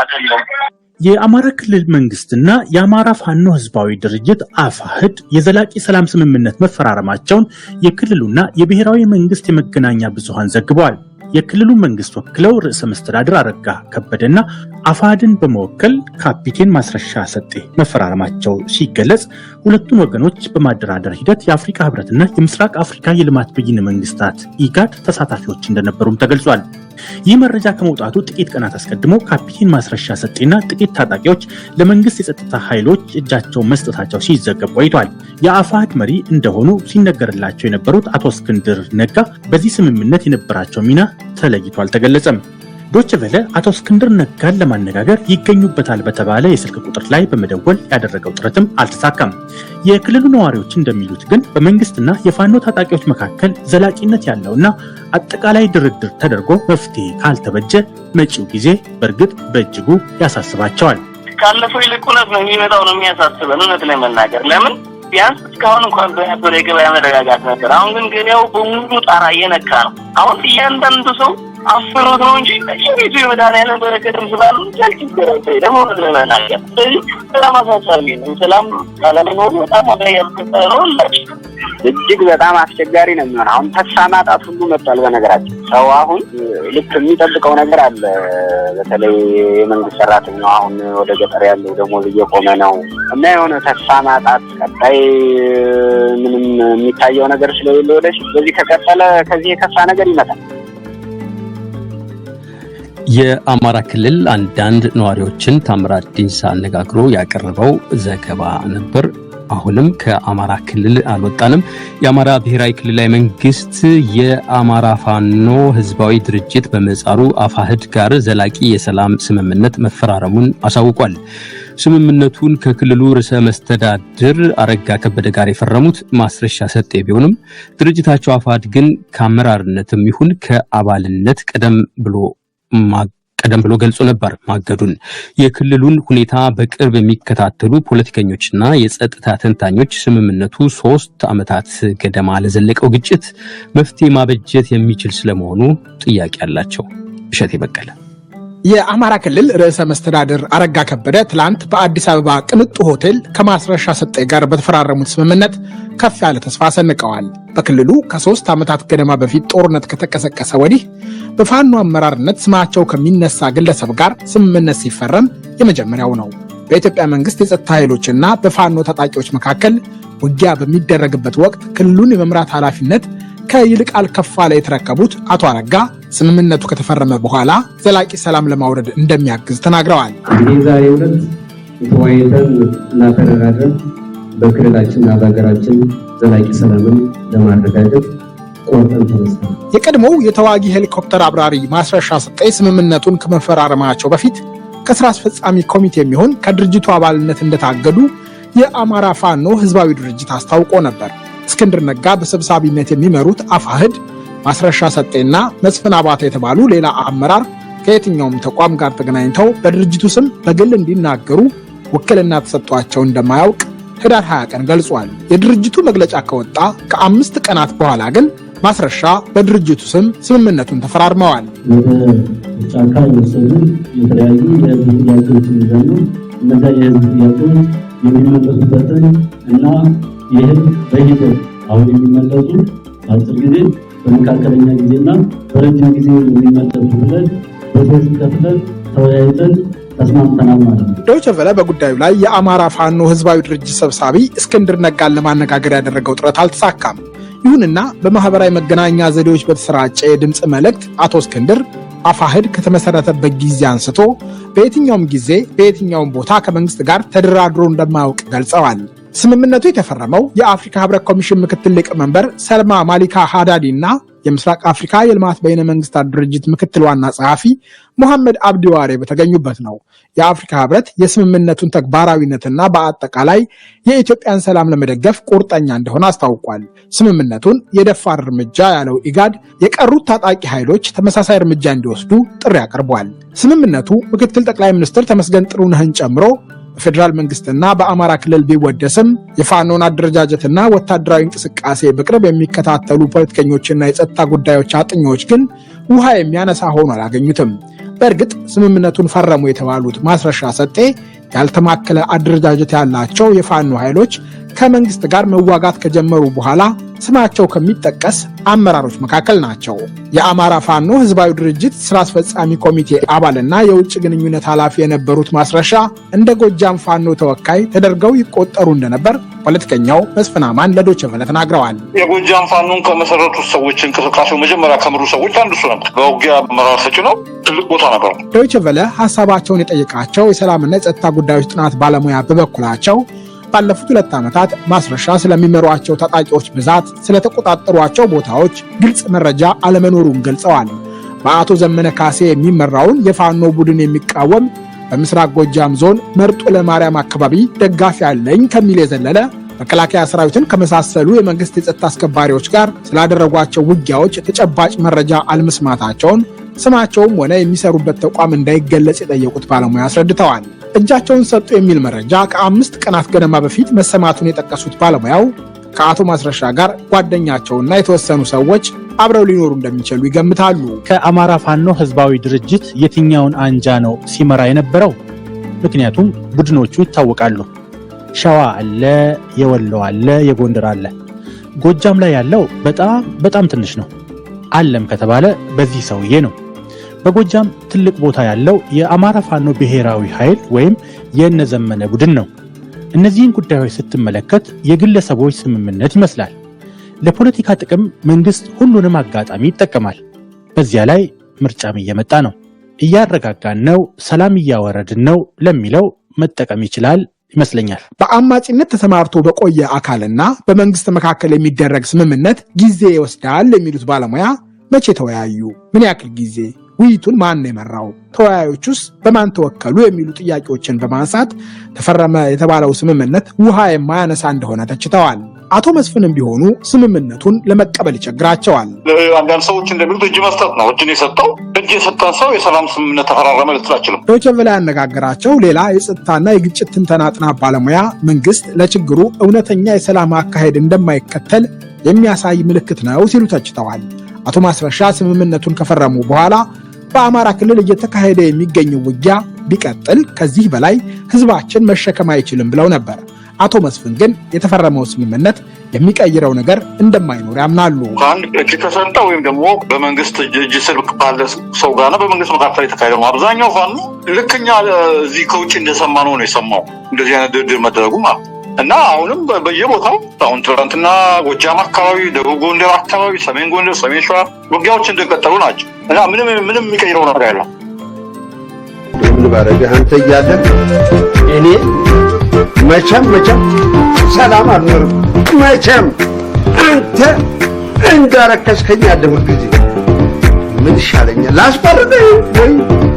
አይደለም። የአማራ ክልል መንግስትና የአማራ ፋኖ ህዝባዊ ድርጅት አፋህድ የዘላቂ ሰላም ስምምነት መፈራረማቸውን የክልሉና የብሔራዊ መንግስት የመገናኛ ብዙሃን ዘግበዋል። የክልሉ መንግስት ወክለው ርዕሰ መስተዳድር አረጋ ከበደና አፋህድን በመወከል ካፒቴን ማስረሻ ሰጤ መፈራረማቸው ሲገለጽ ሁለቱን ወገኖች በማደራደር ሂደት የአፍሪካ ህብረትና የምስራቅ አፍሪካ የልማት በይነ መንግስታት ኢጋድ ተሳታፊዎች እንደነበሩም ተገልጿል። ይህ መረጃ ከመውጣቱ ጥቂት ቀናት አስቀድሞ ካፒቴን ማስረሻ ሰጤና ጥቂት ታጣቂዎች ለመንግስት የጸጥታ ኃይሎች እጃቸው መስጠታቸው ሲዘገብ ቆይቷል። የአፋሕድ መሪ እንደሆኑ ሲነገርላቸው የነበሩት አቶ እስክንድር ነጋ በዚህ ስምምነት የነበራቸው ሚና ተለይቶ አልተገለጸም። ዶች ቬለ አቶ እስክንድር ነጋን ለማነጋገር ይገኙበታል በተባለ የስልክ ቁጥር ላይ በመደወል ያደረገው ጥረትም አልተሳካም። የክልሉ ነዋሪዎች እንደሚሉት ግን በመንግስትና የፋኖ ታጣቂዎች መካከል ዘላቂነት ያለውና አጠቃላይ ድርድር ተደርጎ መፍትሄ ካልተበጀ መጪው ጊዜ በእርግጥ በእጅጉ ያሳስባቸዋል። ካለፈው ይልቅ እውነት ነው የሚመጣው ነው የሚያሳስበን። እውነት ለመናገር ለምን ቢያንስ እስካሁን እንኳን በነበረ የገበያ መረጋጋት ነበር። አሁን ግን ገበያው በሙሉ ጣራ እየነካ ነው። አሁን እያንዳንዱ ሰው ነው እንጂ በረከትም ደግሞ ስለዚህ አሳሳቢ ነው። ሰላም አለመኖሩ በጣም እጅግ በጣም አስቸጋሪ ነው የሚሆን አሁን ተስፋ ማጣት ሁሉ መጥቷል። በነገራችን ሰው አሁን ልክ የሚጠብቀው ነገር አለ። በተለይ የመንግስት ሰራተኛው አሁን ወደ ገጠር ያለው ደሞዝ እየቆመ ነው እና የሆነ ተስፋ ማጣት ቀጣይ ምንም የሚታየው ነገር ስለሌለ ወደፊት በዚህ ከቀጠለ ከዚህ የከፋ ነገር ይመጣል። የአማራ ክልል አንዳንድ ነዋሪዎችን ታምራዲን አነጋግሮ ያቀረበው ዘገባ ነበር። አሁንም ከአማራ ክልል አልወጣንም። የአማራ ብሔራዊ ክልላዊ መንግስት የአማራ ፋኖ ህዝባዊ ድርጅት በመጻሩ አፋህድ ጋር ዘላቂ የሰላም ስምምነት መፈራረሙን አሳውቋል። ስምምነቱን ከክልሉ ርዕሰ መስተዳድር አረጋ ከበደ ጋር የፈረሙት ማስረሻ ሰጤ ቢሆንም ድርጅታቸው አፋድ ግን ከአመራርነትም ይሁን ከአባልነት ቀደም ብሎ ቀደም ብሎ ገልጾ ነበር ማገዱን። የክልሉን ሁኔታ በቅርብ የሚከታተሉ ፖለቲከኞችና የጸጥታ ተንታኞች ስምምነቱ ሶስት ዓመታት ገደማ ለዘለቀው ግጭት መፍትሄ ማበጀት የሚችል ስለመሆኑ ጥያቄ አላቸው። እሸቴ በቀለ የአማራ ክልል ርዕሰ መስተዳድር አረጋ ከበደ ትላንት በአዲስ አበባ ቅንጡ ሆቴል ከማስረሻ ሰጠኝ ጋር በተፈራረሙት ስምምነት ከፍ ያለ ተስፋ ሰንቀዋል። በክልሉ ከሶስት ዓመታት ገደማ በፊት ጦርነት ከተቀሰቀሰ ወዲህ በፋኖ አመራርነት ስማቸው ከሚነሳ ግለሰብ ጋር ስምምነት ሲፈረም የመጀመሪያው ነው። በኢትዮጵያ መንግስት የጸጥታ ኃይሎችና በፋኖ ታጣቂዎች መካከል ውጊያ በሚደረግበት ወቅት ክልሉን የመምራት ኃላፊነት ከይልቃል ከፋለ የተረከቡት አቶ አረጋ ስምምነቱ ከተፈረመ በኋላ ዘላቂ ሰላም ለማውረድ እንደሚያግዝ ተናግረዋል። ዛሬ ሁለት እና ተደራድረን በሀገራችን ዘላቂ ሰላምን ለማረጋገጥ የቀድሞው የተዋጊ ሄሊኮፕተር አብራሪ ማስረሻ ስጤ ስምምነቱን ከመፈራረማቸው በፊት ከስራ አስፈጻሚ ኮሚቴ የሚሆን ከድርጅቱ አባልነት እንደታገዱ የአማራ ፋኖ ህዝባዊ ድርጅት አስታውቆ ነበር። እስክንድር ነጋ በሰብሳቢነት የሚመሩት አፋህድ ማስረሻ ሰጤና መስፍን አባተ የተባሉ ሌላ አመራር ከየትኛውም ተቋም ጋር ተገናኝተው በድርጅቱ ስም በግል እንዲናገሩ ውክልና ተሰጥቷቸው እንደማያውቅ ህዳር 20 ቀን ገልጿል። የድርጅቱ መግለጫ ከወጣ ከአምስት ቀናት በኋላ ግን ማስረሻ በድርጅቱ ስም ስምምነቱን ተፈራርመዋል። ጫካ የተለያዩ የህዝብ ይዘሉ እነዚያ የህዝብ ጥያቄዎች የሚመለሱበትን እና ይህን በሂደት አሁን የሚመለሱ በአጭር ጊዜ በመካከለኛ ጊዜና በረጅም ጊዜ የሚመለሱ ብለን በሶስት ከፍለን ተወያይተን ተስማምተናል ማለት በጉዳዩ ላይ የአማራ ፋኖ ህዝባዊ ድርጅት ሰብሳቢ እስክንድር ነጋን ለማነጋገር ያደረገው ጥረት አልተሳካም። ይሁንና በማህበራዊ መገናኛ ዘዴዎች በተሰራጨ የድምፅ መልእክት አቶ እስክንድር አፋህድ ከተመሰረተበት ጊዜ አንስቶ በየትኛውም ጊዜ በየትኛውም ቦታ ከመንግስት ጋር ተደራድሮ እንደማያውቅ ገልጸዋል። ስምምነቱ የተፈረመው የአፍሪካ ህብረት ኮሚሽን ምክትል ሊቀመንበር ሰልማ ማሊካ ሃዳዲ እና የምስራቅ አፍሪካ የልማት በይነ መንግስታት ድርጅት ምክትል ዋና ጸሐፊ ሙሐመድ አብዲዋሬ በተገኙበት ነው። የአፍሪካ ህብረት የስምምነቱን ተግባራዊነትና በአጠቃላይ የኢትዮጵያን ሰላም ለመደገፍ ቁርጠኛ እንደሆነ አስታውቋል። ስምምነቱን የደፋር እርምጃ ያለው ኢጋድ የቀሩት ታጣቂ ኃይሎች ተመሳሳይ እርምጃ እንዲወስዱ ጥሪ አቅርቧል። ስምምነቱ ምክትል ጠቅላይ ሚኒስትር ተመስገን ጥሩነህን ጨምሮ በፌዴራል መንግስትና በአማራ ክልል ቢወደስም የፋኖን አደረጃጀትና ወታደራዊ እንቅስቃሴ በቅርብ የሚከታተሉ ፖለቲከኞችና የጸጥታ ጉዳዮች አጥኚዎች ግን ውሃ የሚያነሳ ሆኖ አላገኙትም። በእርግጥ ስምምነቱን ፈረሙ የተባሉት ማስረሻ ሰጤ ያልተማከለ አደረጃጀት ያላቸው የፋኖ ኃይሎች ከመንግስት ጋር መዋጋት ከጀመሩ በኋላ ስማቸው ከሚጠቀስ አመራሮች መካከል ናቸው። የአማራ ፋኖ ህዝባዊ ድርጅት ስራ አስፈጻሚ ኮሚቴ አባልና የውጭ ግንኙነት ኃላፊ የነበሩት ማስረሻ እንደ ጎጃም ፋኖ ተወካይ ተደርገው ይቆጠሩ እንደነበር ፖለቲከኛው መስፍን አማን ለዶይቼ ቬለ ተናግረዋል። የጎጃም ፋኖን ከመሰረቱት ሰዎች እንቅስቃሴው መጀመሪያ ከምሩ ሰዎች አንዱ እሱ ነበር። በውጊያ አመራር ሰጪ ነው። ትልቅ ቦታ ነበር። ዶይቼ ቬለ ሀሳባቸውን የጠየቃቸው የሰላምና የጸጥታ ጉዳዮች ጥናት ባለሙያ በበኩላቸው ባለፉት ሁለት ዓመታት ማስረሻ ስለሚመሯቸው ታጣቂዎች ብዛት፣ ስለተቆጣጠሯቸው ቦታዎች ግልጽ መረጃ አለመኖሩን ገልጸዋል። በአቶ ዘመነ ካሴ የሚመራውን የፋኖ ቡድን የሚቃወም በምስራቅ ጎጃም ዞን መርጦ ለማርያም አካባቢ ደጋፊ አለኝ። ከሚል የዘለለ መከላከያ ሰራዊትን ከመሳሰሉ የመንግስት የጸጥታ አስከባሪዎች ጋር ስላደረጓቸው ውጊያዎች ተጨባጭ መረጃ አለመስማታቸውን ስማቸውም ሆነ የሚሰሩበት ተቋም እንዳይገለጽ የጠየቁት ባለሙያ አስረድተዋል። እጃቸውን ሰጡ የሚል መረጃ ከአምስት ቀናት ገደማ በፊት መሰማቱን የጠቀሱት ባለሙያው ከአቶ ማስረሻ ጋር ጓደኛቸውና የተወሰኑ ሰዎች አብረው ሊኖሩ እንደሚችሉ ይገምታሉ። ከአማራ ፋኖ ህዝባዊ ድርጅት የትኛውን አንጃ ነው ሲመራ የነበረው? ምክንያቱም ቡድኖቹ ይታወቃሉ። ሸዋ አለ፣ የወሎ አለ፣ የጎንደር አለ። ጎጃም ላይ ያለው በጣም በጣም ትንሽ ነው። አለም ከተባለ በዚህ ሰውዬ ነው። በጎጃም ትልቅ ቦታ ያለው የአማራ ፋኖ ብሔራዊ ኃይል ወይም የእነዘመነ ቡድን ነው። እነዚህን ጉዳዮች ስትመለከት የግለሰቦች ስምምነት ይመስላል። ለፖለቲካ ጥቅም መንግስት ሁሉንም አጋጣሚ ይጠቀማል። በዚያ ላይ ምርጫም እየመጣ ነው፣ እያረጋጋን ነው፣ ሰላም እያወረድን ነው ለሚለው መጠቀም ይችላል ይመስለኛል። በአማጭነት ተሰማርቶ በቆየ አካልና በመንግስት መካከል የሚደረግ ስምምነት ጊዜ ይወስዳል የሚሉት ባለሙያ መቼ ተወያዩ? ምን ያክል ጊዜ? ውይይቱን ማን የመራው፣ ተወያዮቹስ በማን ተወከሉ የሚሉ ጥያቄዎችን በማንሳት ተፈረመ የተባለው ስምምነት ውሃ የማያነሳ እንደሆነ ተችተዋል። አቶ መስፍንም ቢሆኑ ስምምነቱን ለመቀበል ይቸግራቸዋል። አንዳንድ ሰዎች እንደሚሉት እጅ መስጠት ነው። እጅን የሰጠው እጅ የሰጠን ሰው የሰላም ስምምነት ተፈራረመ ልትል አችልም። ዶይቼ ቬለ ያነጋገራቸው ሌላ የጸጥታና የግጭት ትንተና ጥናት ባለሙያ መንግስት ለችግሩ እውነተኛ የሰላም አካሄድ እንደማይከተል የሚያሳይ ምልክት ነው ሲሉ ተችተዋል። አቶ ማስረሻ ስምምነቱን ከፈረሙ በኋላ በአማራ ክልል እየተካሄደ የሚገኘው ውጊያ ቢቀጥል ከዚህ በላይ ህዝባችን መሸከም አይችልም ብለው ነበር። አቶ መስፍን ግን የተፈረመው ስምምነት የሚቀይረው ነገር እንደማይኖር ያምናሉ። እጅ ተሰጠ ወይም ደግሞ በመንግስት እጅ ስር ካለ ሰው ጋር በመንግስት መካከል የተካሄደ ነው። አብዛኛው ፋኖ ልክኛ እዚህ ከውጭ እንደሰማ ነው ነው የሰማው እንደዚህ አይነት ድርድር መደረጉ ማለት እና አሁንም በየቦታው አሁን ትናንትና ጎጃም አካባቢ፣ ደቡብ ጎንደር አካባቢ፣ ሰሜን ጎንደር፣ ሰሜን ሸዋ ውጊያዎች እንደቀጠሉ ናቸው እና ምንም ምንም የሚቀይረው ነገር የለም። ምን ባረገህ አንተ እያለ እኔ መቼም መቼም ሰላም አልኖርም። መቼም አንተ እንዳረከስከኝ ያደሙት ጊዜ ምን ይሻለኛል ላስፈርደ ወይ